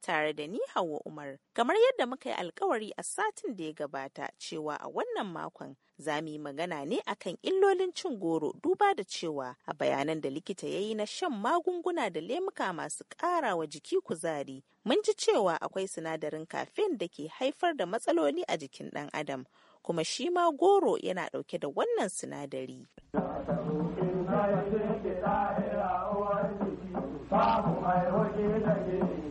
tare da ni Hauwa Umar. Kamar yadda muka yi alkawari a satin da ya gabata cewa a wannan makon za mu yi magana ne akan illolin cin goro duba da cewa a bayanan da likita ya yi na shan magunguna da lemuka masu ƙara wa jiki kuzari. Mun ji cewa akwai sinadarin kafin da ke haifar da matsaloli a jikin ɗan adam, kuma shi ma goro yana ɗauke da wannan sinadari. Babu mai da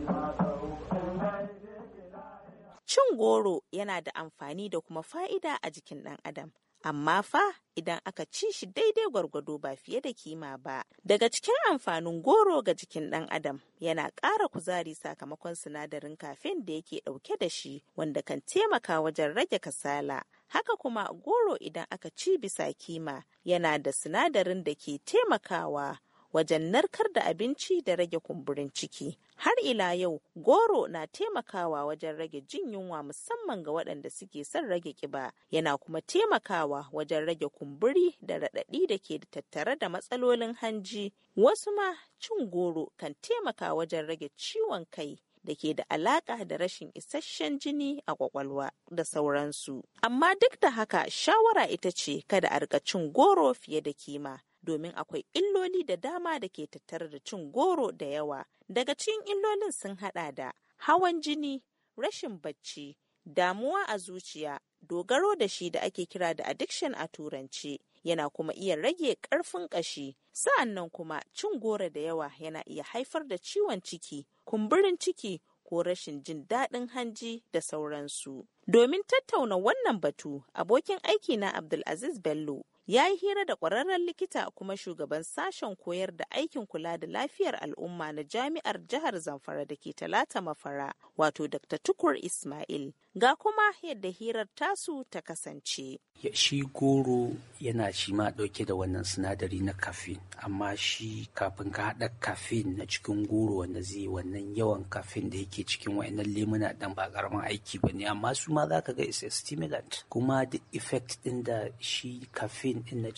Cin goro yana da amfani da kuma fa'ida a jikin ɗan adam. Amma fa idan aka ci shi daidai gwargwado ba fiye da kima ba. Daga cikin amfanin goro ga jikin ɗan adam yana ƙara kuzari sakamakon sinadarin kafin da yake ɗauke da shi wanda kan taimaka wajen rage kasala. Haka kuma goro idan aka ci bisa kima yana da sinadarin da ke taimakawa wajen narkar da abinci da rage kumburin ciki. Har ila yau, goro na taimakawa wajen rage jin yunwa musamman ga waɗanda suke son rage ƙiba, yana kuma taimakawa wajen rage kumburi da raɗaɗi da ke da tattare da matsalolin hanji. Wasu ma cin goro kan taimaka wajen rage ciwon kai. da ke da alaƙa da rashin isasshen jini a ƙwaƙwalwa da sauransu. Amma duk da haka shawara ita ce kada a cin goro fiye da kima. domin akwai illoli da dama da ke tattare da cin goro da yawa. Daga cikin illolin sun haɗa da hawan jini, rashin bacci, damuwa a zuciya, dogaro da shi da ake kira da addiction a turanci. Yana kuma iya rage ƙarfin ƙashi, sa'an nan kuma cin goro da yawa yana iya haifar da ciwon ciki, kumburin ciki ko rashin jin daɗin hanji da sauransu. Domin tattauna wannan batu, abokin aiki na Abdulaziz Bello ya yi hira da ƙwararren likita kuma shugaban sashen koyar da aikin kula da lafiyar al'umma na jami'ar jihar Zamfara da ke Talata Mafara, wato Dr. Tukur Ismail. Ga kuma yadda hirar tasu ta kasance. Shi goro yana shi ma ɗauke da wannan sinadari na kafin, amma shi kafin ka haɗa kafin na cikin goro wanda zai wannan yawan kafin da yake cikin wa'annan lemuna ɗan ba ƙaramin aiki ba ne, amma su ma za ka ga is a stimulant kuma the effect din da shi caffeine din na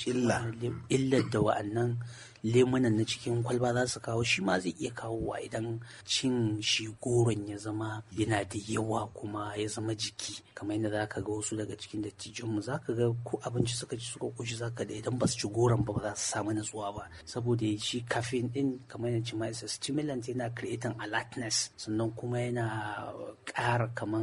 illa da wa'annan lemunan na cikin kwalba za su kawo shi ma zai iya kawowa idan cin shi goron ya zama yana da yawa kuma ya zama jiki kamar yadda za ka ga wasu daga cikin dattijanmu za ka ga ko abinci suka ci suka kushi za ka da idan ba su ci goron ba ba za su samu natsuwa ba saboda shi kafin din kamar yadda cima isa stimulant yana creating alertness sannan kuma yana ƙara kamar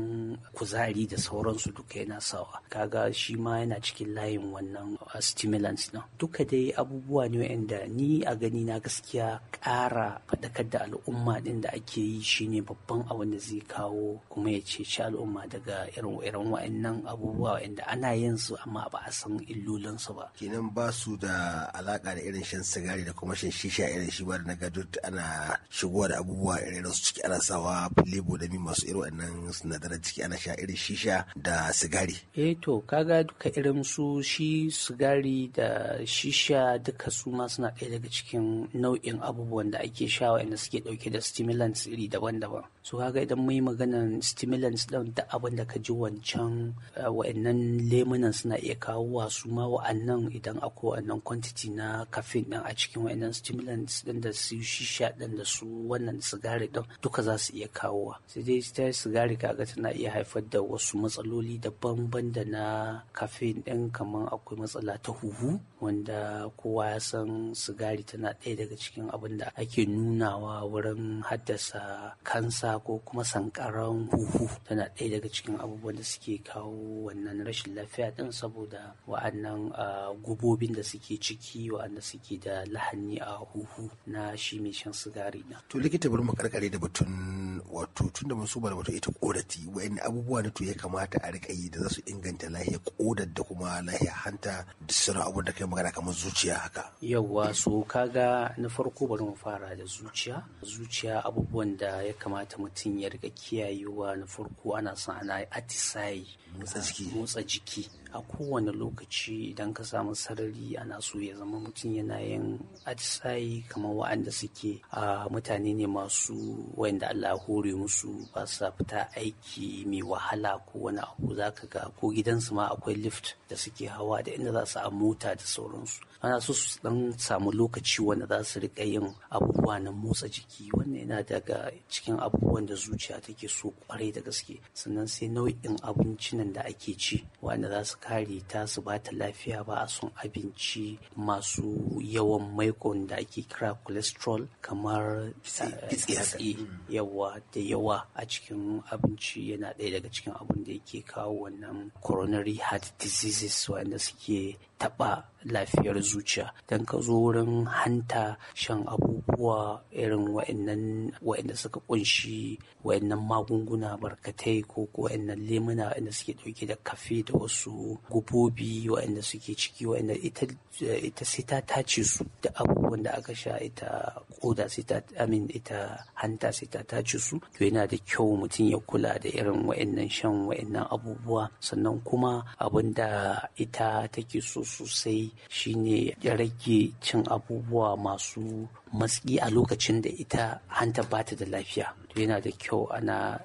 kuzari da sauransu duka yana sawa kaga shi ma yana cikin layin wannan uh, stimulant din duka dai abubuwa ne wa'anda ni ni a gani na gaskiya ƙara faɗakar da al'umma ɗin da ake yi shine babban abin da zai kawo kuma ya ceci al'umma daga irin irin wa'annan abubuwa wa'anda ana yin su amma ba a san illolinsu ba. Kenan ba su da alaƙa da irin shan sigari da kuma shan shisha irin shi ba da naga duk ana shigowa da abubuwa irin su ciki ana sawa lebo da mi masu irin wa'annan sinadaran ciki ana sha irin shisha da sigari. Eh to kaga duka irin su shi sigari da shisha duka su ma suna ɗaya daga cikin nau'in abubuwan da ake sha wa'anda suke dauke da stimulants iri daban-daban Su kaga idan mai maganan stimulants din da abin da ka ji wancan eh, wa'annan lemunan suna iya kawo su ma wa'annan idan akwai wa'annan quantity na caffeine ɗin a cikin wa'annan stimulants din da su shisha din da su wannan sigari din duka za su iya kawowa sai dai ta sigari kaga tana iya haifar da wasu matsaloli daban-daban da na caffeine ɗin kamar akwai matsala ta huhu wanda kowa ya san sigari sigari tana ɗaya daga cikin abin da ake nunawa wurin haddasa kansa ko kuma sankaran huhu tana ɗaya daga cikin abubuwan da suke kawo wannan rashin lafiya ɗin saboda wa'annan ah, gubobin da suke ciki wa'anda suke da lahani a huhu na shi mai shan sigari na. To likita bari mu karkare da batun wato tun da mun wato ita korati wani abubuwa da to ya kamata a riƙa yi da za su inganta lahiya kodar da kuma lahiya hanta da sauran abubuwan da kai magana kamar zuciya haka. Yawwa so To kaga na farko bari mu fara da zuciya. Zuciya abubuwan da ya kamata mutum ya riga kiyayewa na farko ana son ana atisayi. Motsa jiki. A kowane lokaci idan ka samu sarari ana so ya zama mutum yana yin atisayi kamar wa'anda suke a mutane ne masu wanda Allah hore musu ba sa fita aiki mai wahala ko wani abu za ka ga ko gidansu ma akwai lift da suke hawa da inda za su a mota da sauransu. Ana so su dan samu lokaci lokaci wanda za su riƙa yin abubuwa na motsa jiki wannan yana daga cikin abubuwan da zuciya take so kwarai da gaske sannan sai nau'in abincinan da ake ci wanda za su kare ta su ba ta lafiya ba a son abinci masu yawan maikon da ake kira cholesterol kamar eh, kitse hmm. yawa da yawa a cikin abinci yana ɗaya daga cikin abin da yake kawo wannan coronary heart diseases wanda suke taɓa lafiyar zuciya don ka zo wurin hanta shan abubuwa irin wa'annan wa'anda suka kunshi wa'annan magunguna barkatai ko wa'annan lemuna wa'anda suke dauke da kafe da wasu gubobi wa'anda suke ciki wa'anda ita ita sai ta tace su da abubuwan da aka sha ita koda sai ta amin ita hanta sai ta tace su to yana da kyau mutum ya kula da irin wa'annan shan wa'annan abubuwa sannan kuma abin da ita take so sosai shine ya rage cin abubuwa masu matsi a lokacin da ita hanta ba ta da lafiya yana da kyau ana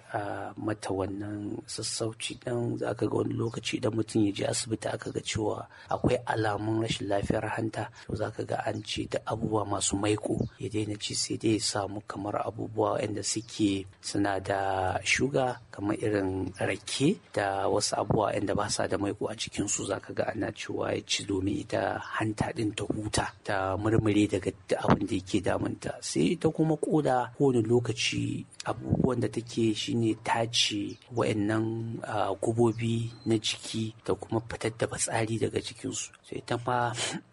mata wannan sassauci dan zaka ga wani lokaci idan mutum ya je asibiti aka ga cewa akwai alamun rashin lafiyar hanta to ka ga an ci da abubuwa masu maiko ya daina ci sai dai ya samu kamar abubuwa wanda suke suna da shuga kamar irin rake da wasu abubuwa wanda ba sa da maiko a cikin su ka ga ana cewa ya ci domin ita hanta ɗin ta huta ta murmure daga abin da yake damunta sai ita kuma koda kowane lokaci abubuwan da take shine tace wa'annan gubobi na jiki da kuma fitar da batsari daga jikinsu sai ita ma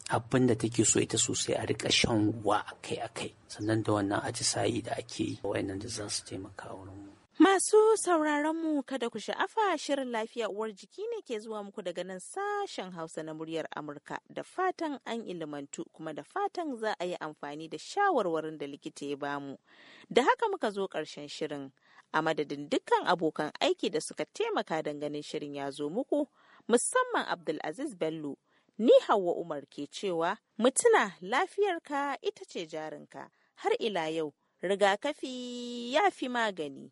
abin da take so ita sosai a rika shan ruwa akai-akai sannan da wannan atisayi da ake yi wa'annan da za su taimaka wurin Masu sauraron mu kada ku sha'afa shirin lafiya uwar jiki ne ke zuwa muku daga nan sashen Hausa na muryar Amurka da fatan an ilimantu kuma da fatan za a yi amfani da shawarwarin da likita ya bamu. Da haka muka zo ƙarshen shirin a madadin dukkan abokan aiki da suka taimaka ganin shirin ya zo muku musamman Abdulaziz Bello. Ni Hauwa Umar ke cewa mutuna lafiyarka ita ce jarinka har ila yau rigakafi ya fi magani.